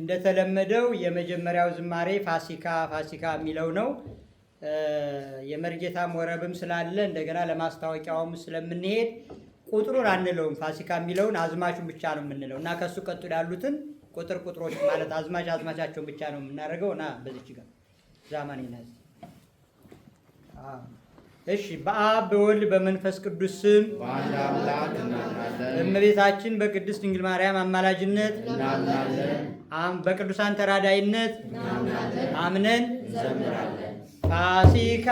እንደተለመደው የመጀመሪያው ዝማሬ ፋሲካ ፋሲካ የሚለው ነው። የመርጌታ ወረብም ስላለ እንደገና ለማስታወቂያውም ስለምንሄድ ቁጥሩን አንለውም። ፋሲካ የሚለውን አዝማቹን ብቻ ነው የምንለው እና ከሱ ቀጥሎ ያሉትን ቁጥር ቁጥሮች ማለት አዝማች አዝማቻቸውን ብቻ ነው የምናደርገው እና በዚች ጋር ዛማን ይነዝ። እሺ በአብ በወልድ በመንፈስ ቅዱስ ስም በአንድ አምላክ እናምናለን። እመቤታችን በቅድስት ድንግል ማርያም አማላጅነት እናምናለን። በቅዱሳን ተራዳይነት አምነን ፋሲካ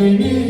Amen.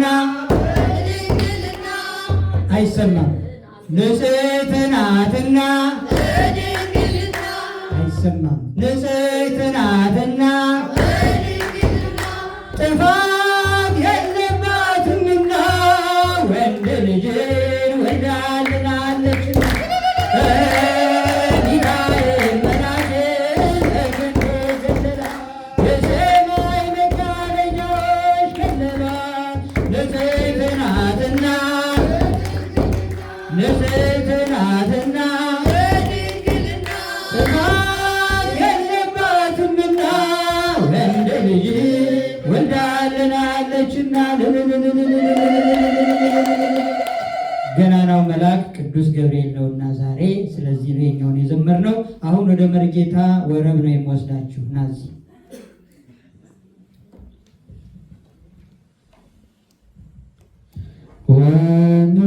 ናትና አይሰማም። ንጽሕት ናትና አይሰማም። ንጽሕት ናትና ጥፋት የለባትምና ወንድ ልጅ ወልዳለናለችና ገናናው መልአክ ቅዱስ ገብርኤል ነውና ዛሬ ስለዚህ ነው የኛውን የዘመርነው። አሁን ወደ መርጌታ ወረብ ነው የሚወስዳችሁ ናዚ ወኑ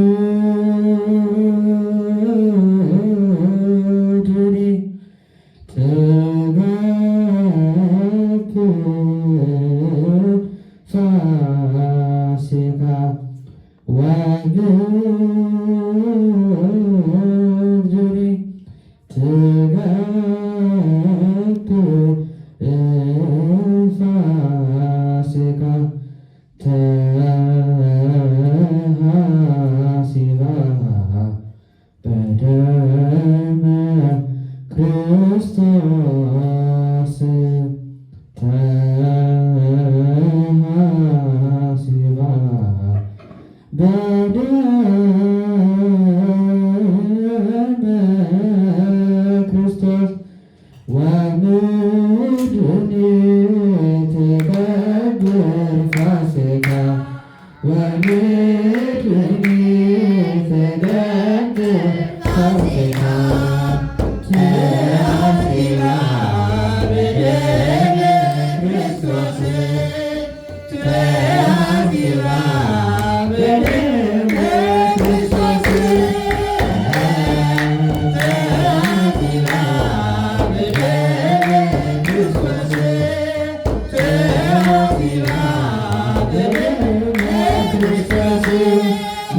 ወምድር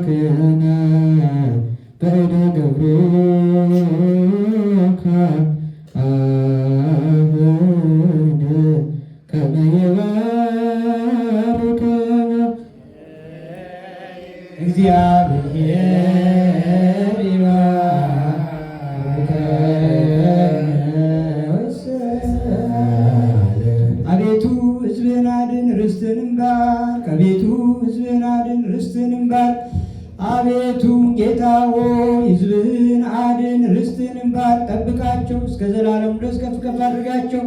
አምላክነ በእደ ገብርከ አብን ከመ ይባርከነ እግዚአብሔር አቤቱ ሕዝብህን አድን ርስትህንም ባርክ። አቤቱ ሕዝብህን አድን ርስትህንም ባርክ። አቤቱ ጌታ ሆይ ሕዝብህን አድን፣ ርስትህን እንባር ጠብቃቸው፣ እስከ ዘላለም ድረስ ከፍ ከፍ አድርጋቸው።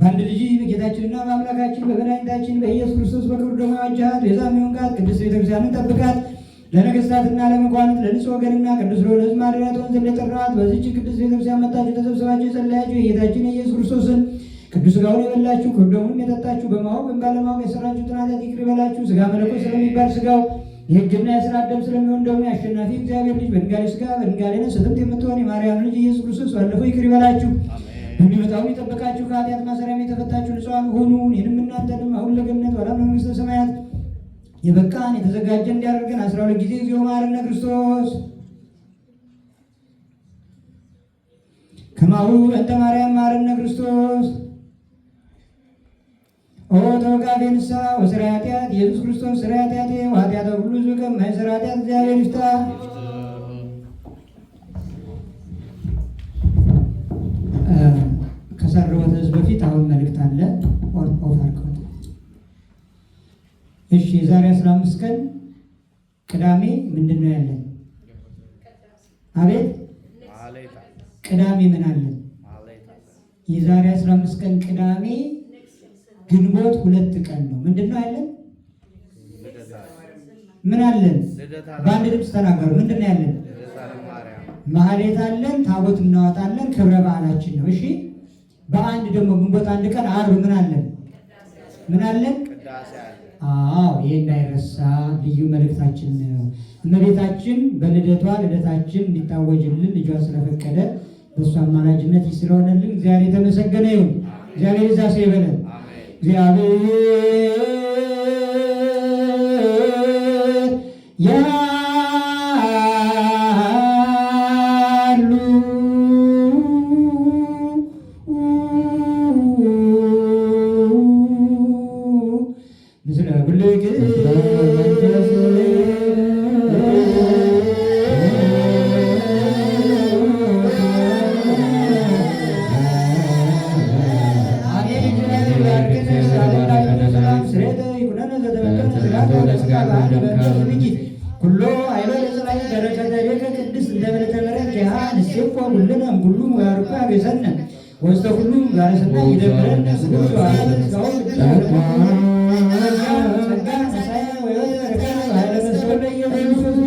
በአንድ ልጅ በጌታችንና በአምላካችን በመድኃኒታችን በኢየሱስ ክርስቶስ በክብር ደግሞ የዛም ቤዛም ጋር ቅድስት ቤተክርስቲያንን ጠብቃት። ለነገስታትና ለመኳንንት ለንጹሕ ወገንና ቅዱስ ለሆነ ሕዝብ ማድሪያ ትሆን ዘንድ የጠራሃት በዚህች ቅድስት ቤተክርስቲያን መጣችሁ ተሰብስባችሁ የጸለያችሁ የጌታችን የኢየሱስ ክርስቶስን ቅዱስ ጋውን የበላችሁ ክብር የጠጣችሁ በማወቅ ባለማወቅ የሰራችሁትን ኃጢአት ይቅር ይበላችሁ። ስጋ መለኮት ስለሚባል ስጋው የሕግና የሥራ ደም ስለሚሆን ደግሞ የአሸናፊ እግዚአብሔር ልጅ በድንጋሌ ሥጋ በድንጋሌ ነፍስ ስንት የምትሆን የማርያም ልጅ ኢየሱስ ክርስቶስ ባለፈው ይቅር ይበላችሁ እንዲመጣው ይጠበቃችሁ ከኃጢአት ማሰሪያም የተፈታችሁ ንጹሐን ሆኑ። ይህንም እናንተንም አሁን ለገነት ዋላ መንግሥተ ሰማያት የበቃን የተዘጋጀ እንዲያደርገን አስራ ሁለት ጊዜ እግዚኦ መሐረነ ክርስቶስ ከማሁ እንተ ማርያም መሐረነ ክርስቶስ ኦ ተወቃቤ ንስሐ ወስራ ኃጢአት ኢየሱስ ክርስቶስ ስራ ኃጢአት ኃጢአተ ሁሉ ህዝብ ከመ ኃጢአት እግዚአብሔር ይፍታ። ከሰራሁት ህዝብ በፊት አሁን መልእክት አለ። ኦርቶፍ አርቀት እሺ፣ የዛሬ አስራ አምስት ቀን ቅዳሜ ምንድን ነው ያለን? አቤት ቅዳሜ ምን አለን? የዛሬ አስራ አምስት ቀን ቅዳሜ ግንቦት ሁለት ቀን ነው። ምንድን ነው ያለን? ምን አለን? በአንድ ልብስ ተናገሩ። ምንድን ነው ያለን? ማህሌት አለን፣ ታቦት እናወጣለን፣ ክብረ በዓላችን ነው። እሺ በአንድ ደግሞ ግንቦት አንድ ቀን አርብ ምን አለን? ምን አለን? አዎ ይህ እንዳይረሳ ልዩ መልእክታችን ነው። እመቤታችን በልደቷ ልደታችን እንዲታወጅልን ልጇ ስለፈቀደ በእሷ አማላጅነት ስለሆነልን እግዚአብሔር የተመሰገነ ይሁን። እግዚአብሔር ይዛ ሰው ይበለን። እግዚአብሔር እንደምልተ መረት ያ ንስቆ ሁሉነ ሁሉ ጋርኩ ያገሰነ ወስተ ሁሉ ጋርስና ይደብረነ ስጉ አለ ሰው ተቋ